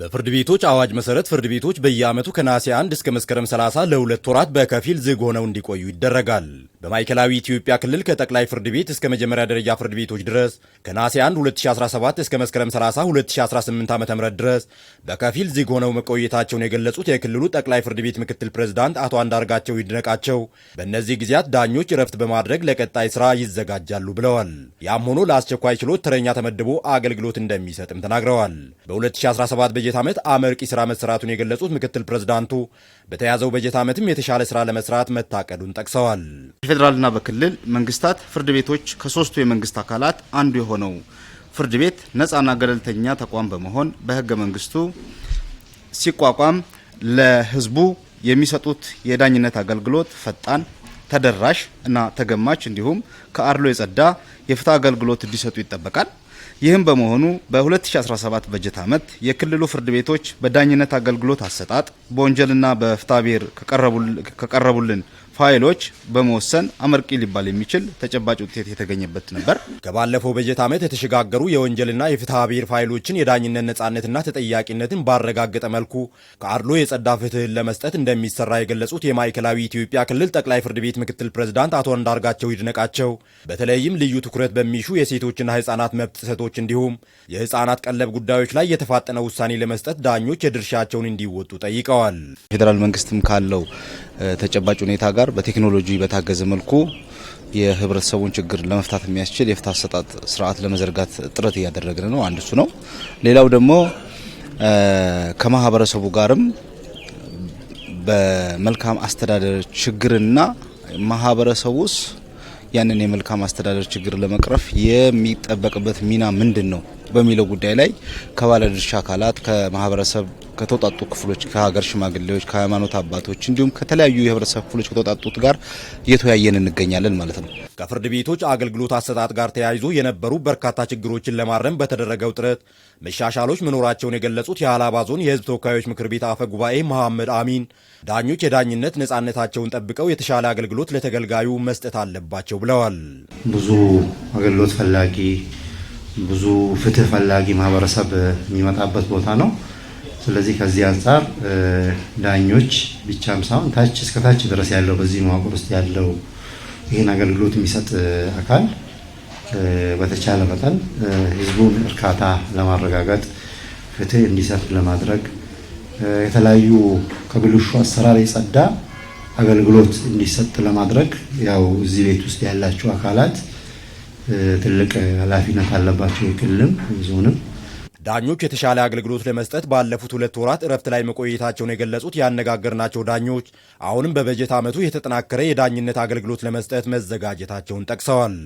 በፍርድ ቤቶች አዋጅ መሰረት ፍርድ ቤቶች በየዓመቱ ከነሐሴ 1 እስከ መስከረም 30 ለሁለት ወራት በከፊል ዝግ ሆነው እንዲቆዩ ይደረጋል። በማዕከላዊ ኢትዮጵያ ክልል ከጠቅላይ ፍርድ ቤት እስከ መጀመሪያ ደረጃ ፍርድ ቤቶች ድረስ ከነሐሴ 1 2017 እስከ መስከረም 30 2018 ዓ ም ድረስ በከፊል ዝግ ሆነው መቆየታቸውን የገለጹት የክልሉ ጠቅላይ ፍርድ ቤት ምክትል ፕሬዝዳንት አቶ አንዳርጋቸው ይድነቃቸው በእነዚህ ጊዜያት ዳኞች እረፍት በማድረግ ለቀጣይ ስራ ይዘጋጃሉ ብለዋል። ያም ሆኖ ለአስቸኳይ ችሎት ተረኛ ተመድቦ አገልግሎት እንደሚሰጥም ተናግረዋል። በ2017 በጀት ዓመት አመርቂ ስራ መሰራቱን የገለጹት ምክትል ፕሬዝዳንቱ በተያዘው በጀት ዓመትም የተሻለ ስራ ለመስራት መታቀዱን ጠቅሰዋል። በፌዴራልና በክልል መንግስታት ፍርድ ቤቶች ከሶስቱ የመንግስት አካላት አንዱ የሆነው ፍርድ ቤት ነፃና ገለልተኛ ተቋም በመሆን በህገ መንግስቱ ሲቋቋም ለህዝቡ የሚሰጡት የዳኝነት አገልግሎት ፈጣን ተደራሽ እና ተገማች እንዲሁም ከአድሎ የጸዳ የፍትህ አገልግሎት እንዲሰጡ ይጠበቃል። ይህም በመሆኑ በ2017 በጀት ዓመት የክልሉ ፍርድ ቤቶች በዳኝነት አገልግሎት አሰጣጥ በወንጀልና በፍትሐብሔር ከቀረቡልን ፋይሎች በመወሰን አመርቂ ሊባል የሚችል ተጨባጭ ውጤት የተገኘበት ነበር። ከባለፈው በጀት ዓመት የተሸጋገሩ የወንጀልና የፍትሐ ብሔር ፋይሎችን የዳኝነት ነጻነትና ተጠያቂነትን ባረጋገጠ መልኩ ከአድሎ የጸዳ ፍትህን ለመስጠት እንደሚሰራ የገለጹት የማዕከላዊ ኢትዮጵያ ክልል ጠቅላይ ፍርድ ቤት ምክትል ፕሬዝዳንት አቶ አንዳርጋቸው ይድነቃቸው በተለይም ልዩ ትኩረት በሚሹ የሴቶችና ህጻናት መብት ጥሰቶች እንዲሁም የህጻናት ቀለብ ጉዳዮች ላይ የተፋጠነ ውሳኔ ለመስጠት ዳኞች የድርሻቸውን እንዲወጡ ጠይቀዋል። ፌዴራል መንግስትም ካለው ተጨባጭ ሁኔታ ጋር አንጻር በቴክኖሎጂ በታገዘ መልኩ የህብረተሰቡን ችግር ለመፍታት የሚያስችል የፍትህ አሰጣጥ ስርዓት ለመዘርጋት ጥረት እያደረግን ነው። አንድ እሱ ነው። ሌላው ደግሞ ከማህበረሰቡ ጋርም በመልካም አስተዳደር ችግርና ማህበረሰቡ ውስጥ ያንን የመልካም አስተዳደር ችግር ለመቅረፍ የሚጠበቅበት ሚና ምንድን ነው በሚለው ጉዳይ ላይ ከባለድርሻ አካላት ከማህበረሰብ ከተውጣጡ ክፍሎች ከሀገር ሽማግሌዎች፣ ከሃይማኖት አባቶች እንዲሁም ከተለያዩ የህብረተሰብ ክፍሎች ከተውጣጡት ጋር እየተወያየን እንገኛለን ማለት ነው። ከፍርድ ቤቶች አገልግሎት አሰጣጥ ጋር ተያይዞ የነበሩ በርካታ ችግሮችን ለማረም በተደረገው ጥረት መሻሻሎች መኖራቸውን የገለጹት የአላባ ዞን የህዝብ ተወካዮች ምክር ቤት አፈ ጉባኤ መሐመድ አሚን ዳኞች የዳኝነት ነጻነታቸውን ጠብቀው የተሻለ አገልግሎት ለተገልጋዩ መስጠት አለባቸው ብለዋል። ብዙ አገልግሎት ፈላጊ ብዙ ፍትህ ፈላጊ ማህበረሰብ የሚመጣበት ቦታ ነው። ስለዚህ ከዚህ አንጻር ዳኞች ብቻም ሳይሆን ታች እስከ ታች ድረስ ያለው በዚህ መዋቅር ውስጥ ያለው ይህን አገልግሎት የሚሰጥ አካል በተቻለ መጠን ህዝቡን እርካታ ለማረጋገጥ ፍትህ እንዲሰጥ ለማድረግ የተለያዩ ከብልሹ አሰራር የጸዳ አገልግሎት እንዲሰጥ ለማድረግ ያው እዚህ ቤት ውስጥ ያላቸው አካላት ትልቅ ኃላፊነት አለባቸው። የክልልም ዞንም ዳኞች የተሻለ አገልግሎት ለመስጠት ባለፉት ሁለት ወራት እረፍት ላይ መቆየታቸውን የገለጹት ያነጋገርናቸው ዳኞች አሁንም በበጀት ዓመቱ የተጠናከረ የዳኝነት አገልግሎት ለመስጠት መዘጋጀታቸውን ጠቅሰዋል።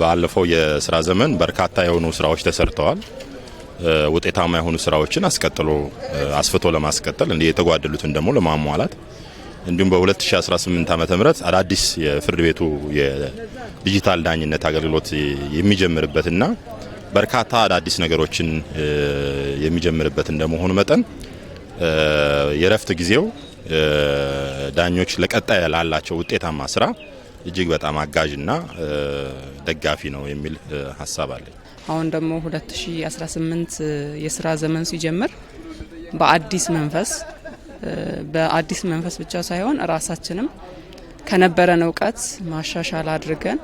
ባለፈው የስራ ዘመን በርካታ የሆኑ ስራዎች ተሰርተዋል። ውጤታማ የሆኑ ስራዎችን አስቀጥሎ አስፍቶ ለማስቀጠል እንዲህ የተጓደሉትን ደግሞ ለማሟላት እንዲሁም በ2018 ዓ ም አዳዲስ የፍርድ ቤቱ የዲጂታል ዳኝነት አገልግሎት የሚጀምርበትና በርካታ አዳዲስ ነገሮችን የሚጀምርበት እንደመሆኑ መጠን የረፍት ጊዜው ዳኞች ለቀጣይ ላላቸው ውጤታማ ስራ እጅግ በጣም አጋዥና ደጋፊ ነው የሚል ሀሳብ አለኝ። አሁን ደግሞ 2018 የስራ ዘመን ሲጀምር በአዲስ መንፈስ በአዲስ መንፈስ ብቻ ሳይሆን ራሳችንም ከነበረን እውቀት ማሻሻል አድርገን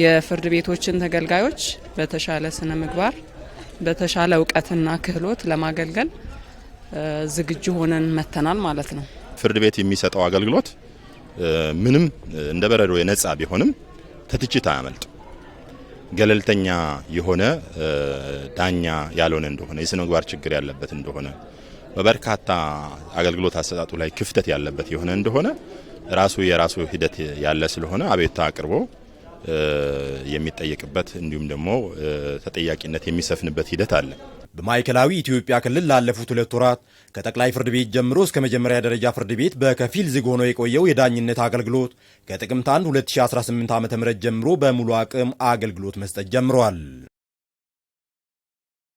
የፍርድ ቤቶችን ተገልጋዮች በተሻለ ስነ ምግባር በተሻለ እውቀትና ክህሎት ለማገልገል ዝግጁ ሆነን መጥተናል ማለት ነው። ፍርድ ቤት የሚሰጠው አገልግሎት ምንም እንደ በረዶ የነጻ ቢሆንም ከትችት አያመልጥ። ገለልተኛ የሆነ ዳኛ ያልሆነ እንደሆነ የስነ ምግባር ችግር ያለበት እንደሆነ በበርካታ አገልግሎት አሰጣጡ ላይ ክፍተት ያለበት የሆነ እንደሆነ ራሱ የራሱ ሂደት ያለ ስለሆነ አቤቱታ አቅርቦ የሚጠየቅበት እንዲሁም ደግሞ ተጠያቂነት የሚሰፍንበት ሂደት አለ። በማዕከላዊ ኢትዮጵያ ክልል ላለፉት ሁለት ወራት ከጠቅላይ ፍርድ ቤት ጀምሮ እስከ መጀመሪያ ደረጃ ፍርድ ቤት በከፊል ዝግ ሆኖ የቆየው የዳኝነት አገልግሎት ከጥቅምት 1 2018 ም ጀምሮ በሙሉ አቅም አገልግሎት መስጠት ጀምረዋል።